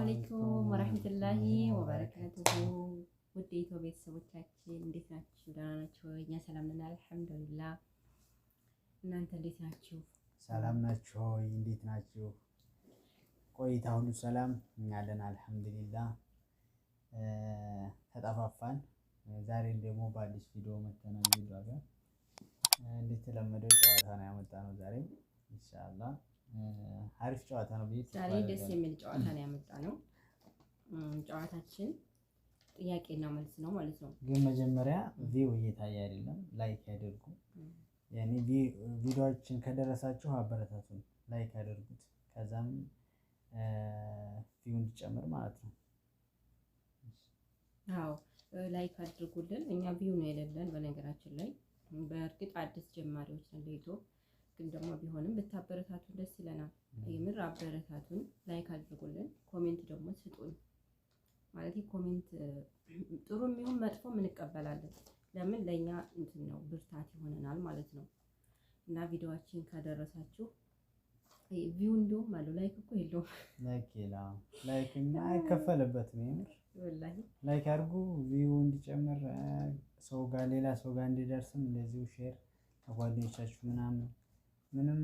አለይኩም ወራህመቱላሂ ወበረካቱሁ ውድ ኢትዮ ቤተሰቦቻችን እንዴት ናችሁ? ደህና ናችሁ? እኛ ሰላም ነን አልሐምዱሊላህ። እናንተ እንዴት ናችሁ? ሰላም ናችሁ? እንዴት ናችሁ? ቆይታ ሁሉ ሰላም እኛ አለን አልሐምዱሊላህ። ተጠፋፋን። ዛሬ ደግሞ በአዲስ ቪዲዮ መተናል። እንደተለመደው ጨዋታ ነው ያመጣነው ዛሬም ኢንሻአላህ አሪፍ ጨዋታ ነው። ዛሬ ደስ የሚል ጨዋታ ነው ያመጣ ነው። ጨዋታችን ጥያቄና መልስ ነው ማለት ነው። ግን መጀመሪያ ቪው እየታየ አይደለም፣ ላይክ ያደርጉ። ያኔ ቪዲዮችን ከደረሳችሁ አበረታቱን፣ ላይክ ያደርጉት። ከዛም ቪው እንዲጨምር ማለት ነው። አዎ ላይክ አድርጉልን። እኛ ቪው ነው የሌለን በነገራችን ላይ። በእርግጥ አዲስ ጀማሪዎች ነን ለዩቱብ ግን ደግሞ ቢሆንም ብታበረታቱን ደስ ይለናል። የምር አበረታቱን፣ ላይክ አድርጉልን፣ ኮሜንት ደግሞ ስጡን። ማለት ኮሜንት ጥሩ የሚሆን መጥፎ እንቀበላለን። ለምን ለእኛ እንትን ነው ብርታት ይሆነናል ማለት ነው። እና ቪዲዮችን ካደረሳችሁ ቪው እንዲሁም አለው ላይክ እኮ የለውም። ላይክ ላ ላይክ አይከፈልበትም። የምር ላይክ አድርጉ ቪው እንዲጨምር ሰው ጋር ሌላ ሰው ጋር እንዲደርስም እንደዚሁ ሼር ከጓደኞቻችሁ ምናምን ምንም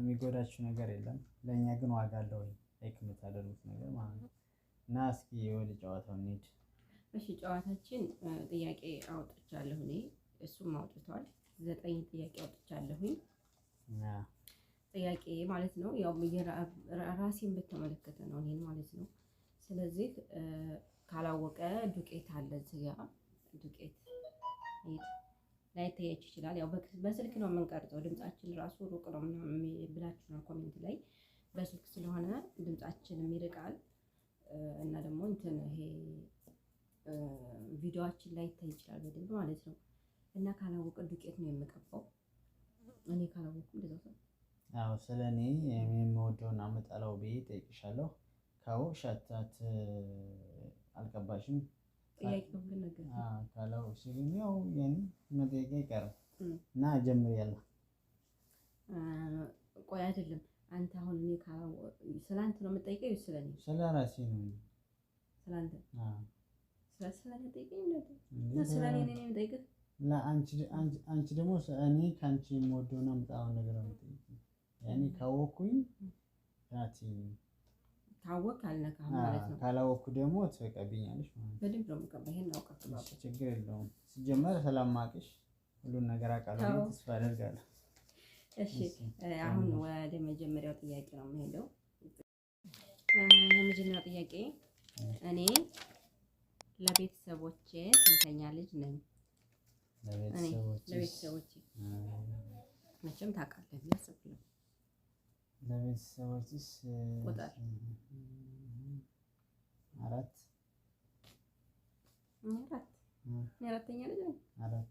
የሚጎዳችሁ ነገር የለም። ለእኛ ግን ዋጋ አለው ላይክ የምታደርጉት ነገር ማለት ነው። እና እስኪ ወደ ጨዋታው እንሂድ። እሺ ጨዋታችን ጥያቄ አውጥቻለሁ እኔ፣ እሱም አውጥቷል። ዘጠኝ ጥያቄ አውጥቻለሁኝ ጥያቄ ማለት ነው ያው ራሴን በተመለከተ ነው እኔን ማለት ነው። ስለዚህ ካላወቀ ዱቄት አለ እዚህ ጋ ዱቄት ላይታያችሁ ይችላል። ያው በስልክ ነው የምንቀርጸው ድምጻችን ራሱ ሩቅ ነው ብላችሁ ነው ኮሜንት ላይ በስልክ ስለሆነ ድምጻችን ይርቃል እና ደግሞ እንትን ይሄ ቪዲዮአችን ላይታይ ይችላል በደንብ ማለት ነው። እና ካላወቀ ዱቄት ነው የምቀባው እኔ ካላወቅኩ እንደዛ አዎ ስለ እኔ የምወደውና የምጠላው ብዬ ጠይቅሻለሁ። ካወቅሽ አልቀባሽም ካለው ያው መጠየቅ አይቀርም እና ቆይ አይደለም አንተ አሁን እኔ ስለ አንተ ነው የምጠይቀው? ስለኔ ስለ ራሴ ነው። ስለ አንተ አንቺ ደግሞ እኔ ከአንቺ የምወደውና የምጣው ነገር ነው። ያኔ ካወቅኩኝ ራሴ ታወቅ አልነካ ማለት ነው። ካላወቅኩ ደግሞ ትቀብኛለሽ ማለት ነው። ችግር የለውም። ሲጀመር ሰላም ማቅሽ ሁሉን ነገር አውቃለሁ፣ ተስፋ አደርጋለሁ። እሺ አሁን ወደ መጀመሪያው ጥያቄ ነው የምሄደው። የመጀመሪያው ጥያቄ እኔ ለቤተሰቦቼ ስንተኛ ልጅ ነኝ? ለቤተሰቦቼ መቼም ታውቃለህ ለቤተሰቦችስ ቁጥር አራት አራት አራተኛ ልጅ ነኝ። አራት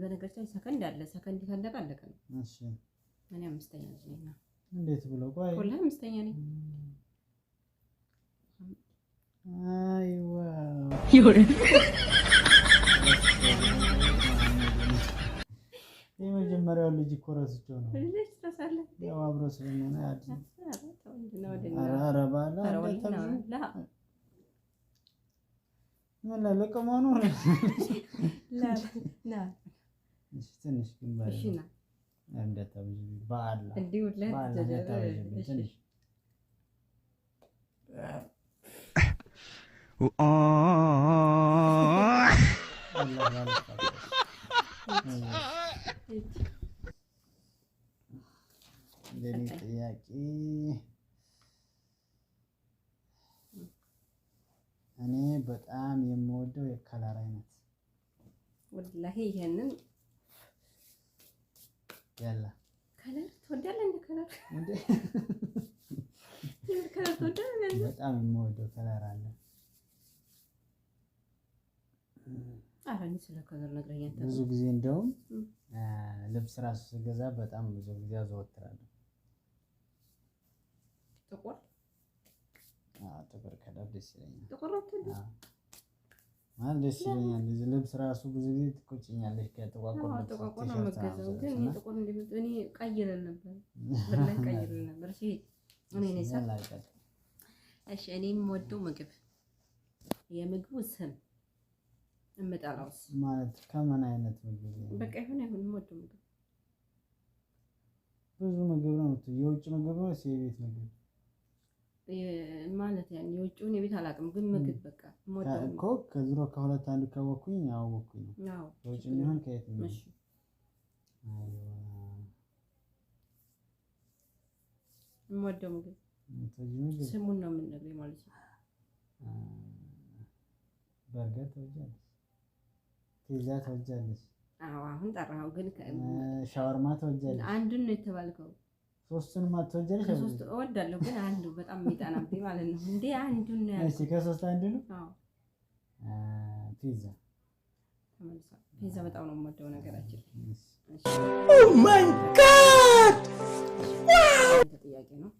በነገራችን ላይ ሰከንድ አለ። ሰከንድ ካለቀ አለቀ ነው። እሺ እኔ አምስተኛ ልጅ ነኝ። እንዴት ብሎ ቆይ ሁላ አምስተኛ ነኝ። አይዋ የመጀመሪያውን ልጅ እኮ ረስቼው ነው። ያው አብሮ ስለሆነ ትንሽ የኔ ጥያቄ እኔ በጣም የምወደው የከለር አይነት ወላሂ ይሄንን ያላ ከለር ትወዳለህ? እንደ ከለር እንደ ከለር ትወዳለህ? በጣም የምወደው ከለር አለ። ብዙ ጊዜ እንደውም ልብስ ራሱ ስገዛ በጣም ብዙ ጊዜ አዘወትራለሁ። ጥቁር ከለር ደስ ይለኛል ደስ ይለኛል። ልብስ ራሱ ብዙ ጊዜ ትቆጭኛለሽ። ከጥቋቁር ነበር እኔ እኔ የምወደው ምግብ የምግቡ ስም የምጠላውስ ማለት ከምን አይነት ምግብ በቃ ይሁን አይሁን የምወደው ምግብ ብዙ ምግብ ነው። የውጭ ምግብ ነው የቤት ምግብ ማለት ያን የውጭውን የቤት አላውቅም፣ ግን ምግብ በቃ እኮ ከዝሮ ከሁለት አንዱ ካወኩኝ አወኩኝ ነው የሚሆን ከየት ነው የምወደው ምግብ ስሙን ነው የምንነግረኝ ማለት ነው። በርገር ተወጃለች ፒዛ ተወጃለች። አዎ አሁን ጠራው ግን ሻወርማ ተወጃለች። አንዱን ነው የተባልከው። ሶስቱንም አትወጃለች? ሶስቱ እወዳለሁ፣ ግን አንዱ በጣም የሚጠናብኝ ማለት ነው። እንዴ አንዱን ነው እሺ ከሶስት አንዱ ነው። አዎ ፒዛ ፒዛ በጣም ነው የምወደው ነገራችን። ኦ ማይ ጋድ ዋው! ጥያቄ ነው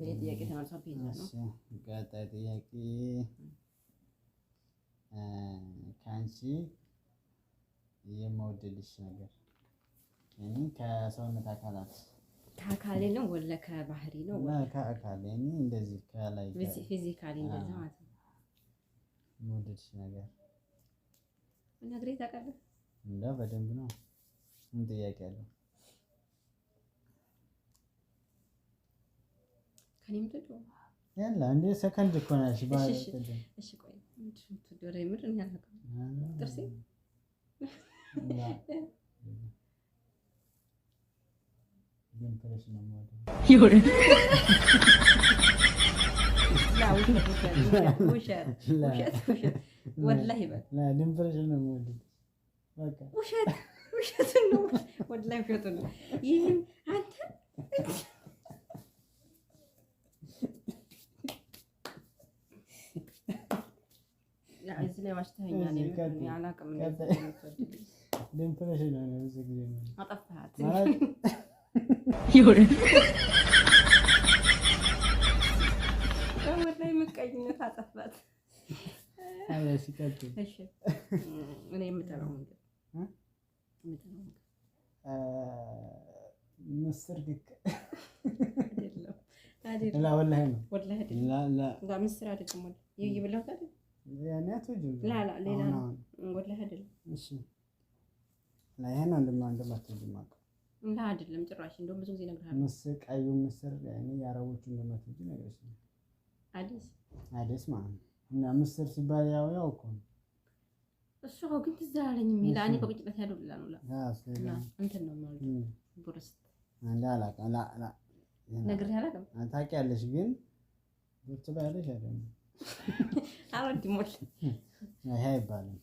ይሄ ጥያቄ ተመልሷል። ፒዛ ነው ቀጣይ ጥያቄ ከአንቺ የምወደድሽ ነገር ከሰውነት አካላት ከአካሌ ነው ወለ ከባህሪ ነው ከአካሌ እኔ እንደዚህ ከላይ ፊዚካሊ እንደዛ ማለት ነው። የምወደድሽ ነገር ነግሬ ታውቃለህ? እንዳ በደንብ ነው። ምን ጥያቄ አለው? ከኔ የምትወደው ያላ እንደ ሰከንድ እኮ ናሽ። እሺ ቆይ ምንድን ነው የምትወደው? ምር ያላቀ ጥርሴ والله لا دمبرش انا مودد وشات وشات النور والله وشات النور يهم انت لا عايزين ما اشتهي يعني علاقه من አጠፋሃት ወላሂ ምቀኝነት አጠፋት። እኔ የምጠላው ምግብ ምስር ድቅ ምስር አይደለም ወላሂ ይብለው ላ ሌላ ወላሂ አይደለም እና ይሄን ወንድም ወንድም አትሄጂም አውቀው እንደ አይደለም ጭራሽ እንደውም ብዙ ጊዜ እነግርሃለሁ። ምስር ቀዩ ምስር ያኔ የአረቦቹ እንደማትሄጂ ነገርሽ ነው። አዲስ አዲስ ማለት ነው እና ምስር ሲባል ያው ያው እኮ ነው እሱ አሁን ግን ትዝ አላለኝም። ሌላ እኔ ከቁጭበት ያደውላ ነው እንትን ነው ማለት ቡርስት አንድ አላውቅም ላ ላ ነግሬህ አላውቅም። ታውቂያለሽ ግን ቡርት ባለሽ አይደለም አወድሞል ይሄ አይባልም።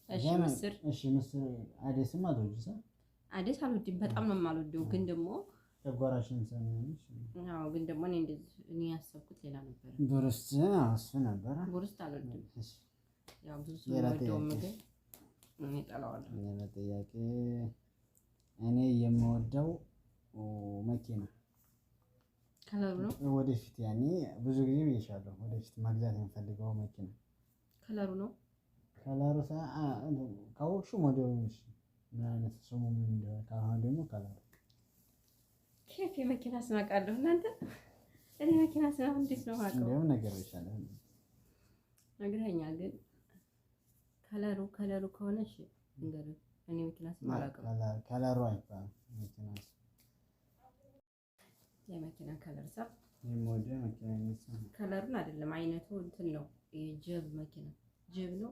ምስር እሺ፣ ምስር አዴስም አልወድም አዴስ አልወድም፣ በጣም ነው የማልወደው። ግን ደግሞ ጨጓራሽን ስለሚሆንሽ አዎ። ግን ደግሞ እኔ እንደዚህ እኔ ያሰብኩት ሌላ ነበር። ቡርስት እሱ ነበረ። ቡርስት አልወድም። ያው ብዙ ሰው ወደው ምግብ እኔ እጠላዋለሁ። ሌላ ጥያቄ እኔ የምወደው መኪና ከለሩ ነው። ወደፊት ያኔ ብዙ ጊዜ ብዬሻለሁ። ወደፊት መግዛት የምፈልገው መኪና ከለሩ ነው። ከለር ካወቅሽው ሞዴሉን ምን አይነት ስሙ ምን እንደሆነ ካልሆነ ደግሞ ከለር ኬፍ የመኪና ስም አውቃለሁ። እናንተ እኔ መኪና ስም እንዴት ነው የማውቀው? እንደውም ነገር ነግረኛ፣ ግን ከለሩ ከለሩ ከሆነ እሺ እንደው እኔ መኪና ስም አላውቅም። ከለሩ አይባልም መኪና የመኪና ከለር ሳብ ከለሩን አይደለም አይነቱ እንትን ነው። የጀብ መኪና ጀብ ነው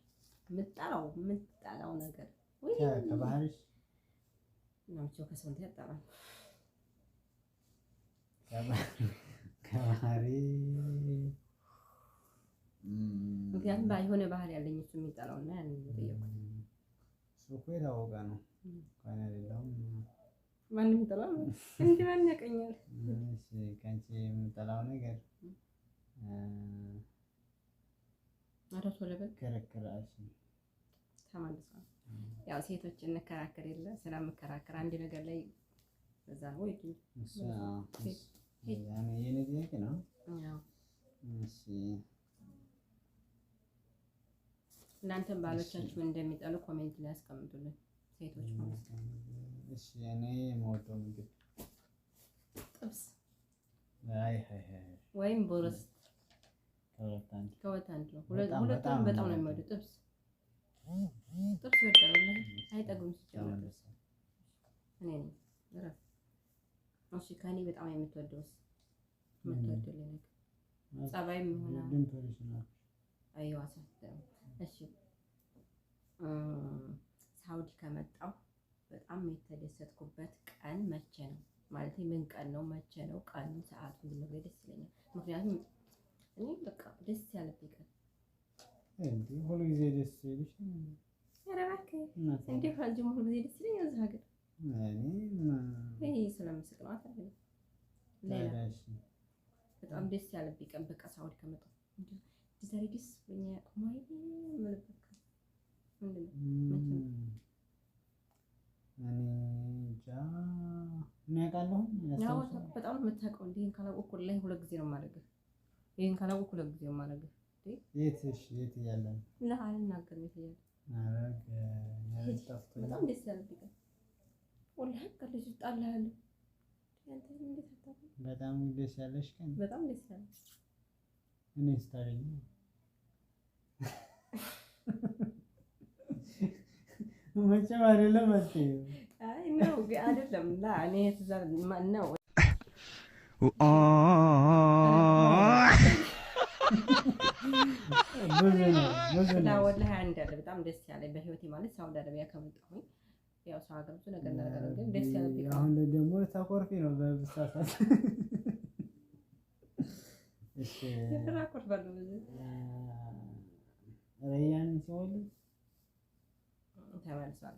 የምትጠላው የምጠላው ነገር ከባህሪሽ ናቸው። ያጠራል ከባህሪ ምክንያቱም የሆነ ባህሪ ያለኝ እሱ የሚጠላውና ያንን የጠየኩት እሱ እኮ የታወቀ ነው። ማንም ማን ያቀኛል? የምጠላው ነገር አረፍ ለበል ክርክር ተመልሷል። ያው ሴቶች እንከራከር የለ ስለምከራከር አንድ ነገር ላይ በዛ ነው ወይ የኔ ጥያቄ ነው። እሺ እናንተም ባሎቻችሁ እንደሚጠሉ ኮሜንት ላይ ያስቀምጡልን ሴቶች ማለት ነው። እሺ እኔ የምወደው ምግብ ጥብስ ወይም ቦረስ ከወት አንድ ነው። ሁለቱም በጣም ነው የሚወዱ ጥብስ ጥብስ ወደለ አይጠግብም። እሺ ከኔ በጣም የምትወደው ነገር ጸባይም ሆነ እሺ ሳውዲ ከመጣሁ በጣም የተደሰትኩበት ቀን መቼ ነው? ማለት ምን ቀን ነው? መቼ ነው ቀኑ? ሰዓቱ ደስ ይለኛል። እናያውቃለሁ። በጣም የምታውቀው እንደ ይህን ካላወቅኩ ሁለት ጊዜ ነው የማደርግህ። ይህን ጊዜ ነው የማደርግህ። የት ደስ ያለሽ ቀን በጣም ደስ ያለሽ እኔ ስታገኝ መቼም አይደለም መቼም አይደለም ላ እኔ ወላሂ አንድ አለ በጣም ደስ ያለ በህይወቴ ማለት ሳውዲ አረቢያ ከመጣሁኝ ያው ሰው ሀገር ብዙ ነገር ነገር ግን ደስ ያለ አሁን ደግሞ ታኮርፊ ነው በብሳሳት ረያን ሲወልድ ተመልሷል።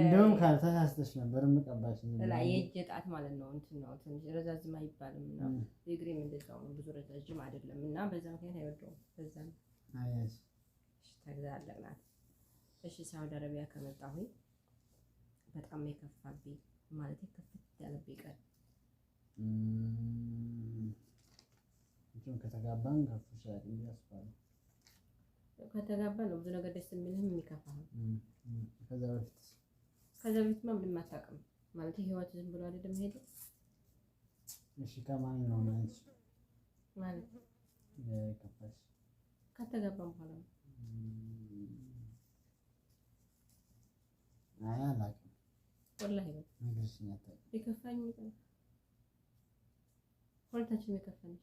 እንደውም ካልተሳስተሽ ነበር የምቀባሽ። የእጅ ጣት ማለት ነው። እንትን ነው ትንሽ ረዛዝም አይባልም እና የእግሬም እንደዚያው ነው። ብዙ ረዛዥም አይደለም እና በዛ ምክንያት አይወደውም። በዛ ተግዛለቅ እሺ ሳውዲ አረቢያ ከመጣሁኝ በጣም የከፋብኝ ማለት ከፍት ያለብኝ ቀን ብቻውን ከተጋባን ከፍ ይችላል ብዬ ነው ብዙ ነገር ደስ የሚልህም የሚከፋህም። ከዛ በፊት ከዛ በፊትማ ምንም አታውቅም ማለት ህይወት ዝም ብሎ አይደለም ሄደ። እሺ ከማን ነው ማለት ማለት የከፋሽ ከተጋባን በኋላ ነው? አይ አላውቅም ወላሂ ነው የከፋኝ ሁለታችንም የከፋንሽ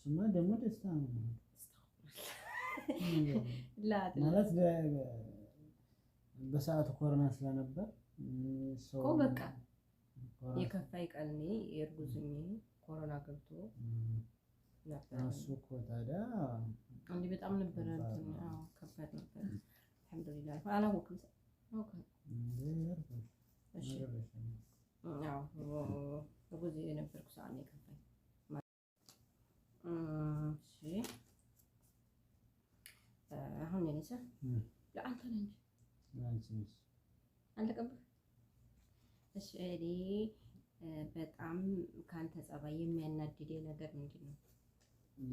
ስማ ደግሞ ደስታ ነው ማለት በሰዓቱ ኮሮና ስለነበር እኮ በቃ የከፋ ይቀል የእርጉዝ ኮሮና ገብቶ እሱ እኮ ታዲያ እንዲህ በጣም ነበረ ከባድ ነበር። አልሐምዱሊላህ አላወኩም አለቀብህ። እሺ እኔ በጣም ከአንተ ጸባይ የሚያናድድ ነገር ምንድን ነው?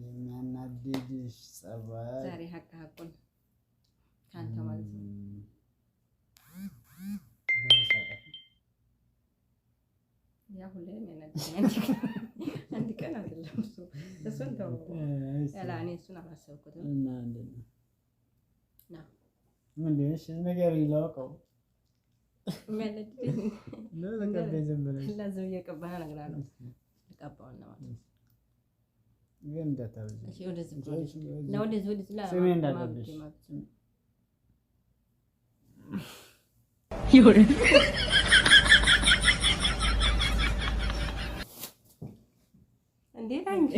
የሚያናድድሽ ጸባይ ዛሬ ሀቅ ሀቁን ከአንተ ማለት ነው። ያ ሁሌ የሚያናድድ አንድ ቀን አይደለም። እሱ እሱን ተው ያለ እኔ እሱን አላሰብኩትም። ምንሽ ነገር ይላውቀው እንዴት አንቺ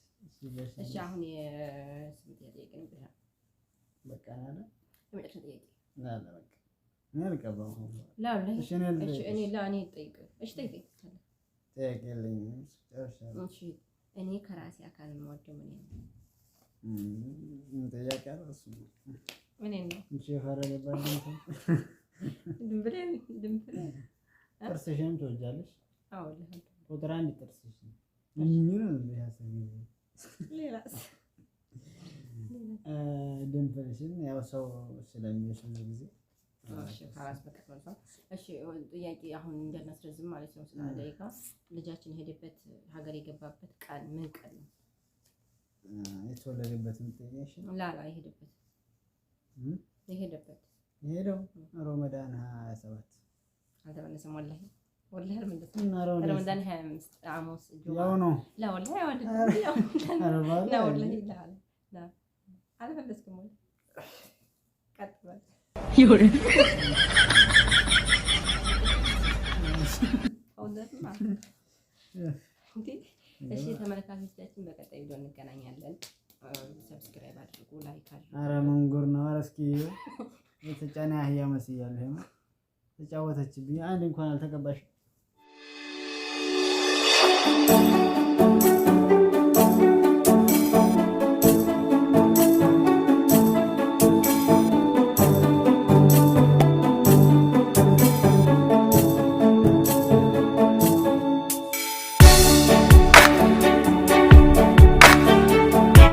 እሺ አሁን የስንት እኔ ከራሴ አካል የምወደው ምን ነው? ጥርስሽን ትወጃለሽ? ቁጥር አንድ ጥርስሽ ድንፍልሽን ያው ሰው ስለሚወስድ ጊዜ ከራስ በቀር እሺ፣ ጥያቄ አሁን እንዳናስረዝም ማለት ነው። ስለ ደቂቃ ልጃችን የሄደበት ሀገር የገባበት ቀን ምን ቀን ነው? የተወለደበት ምትሽ ላላ የሄደበት የሄደበት የሄደው ሮመዳን ሀያ ሰባት አልተመለሰም ወላሂ والله رمضان هامس እሺ ተመልካቾቻችን በቀጣይ ቪዲዮ እንገናኛለን። ሰብስክራይብ አድርጉ፣ ላይክ አድርጉ። አረ መንጉር ነው። አረ እስኪ የተጫነ አህያ መስያለሁ። ተጫወተችብኝ። አንድ እንኳን አልተቀባሽ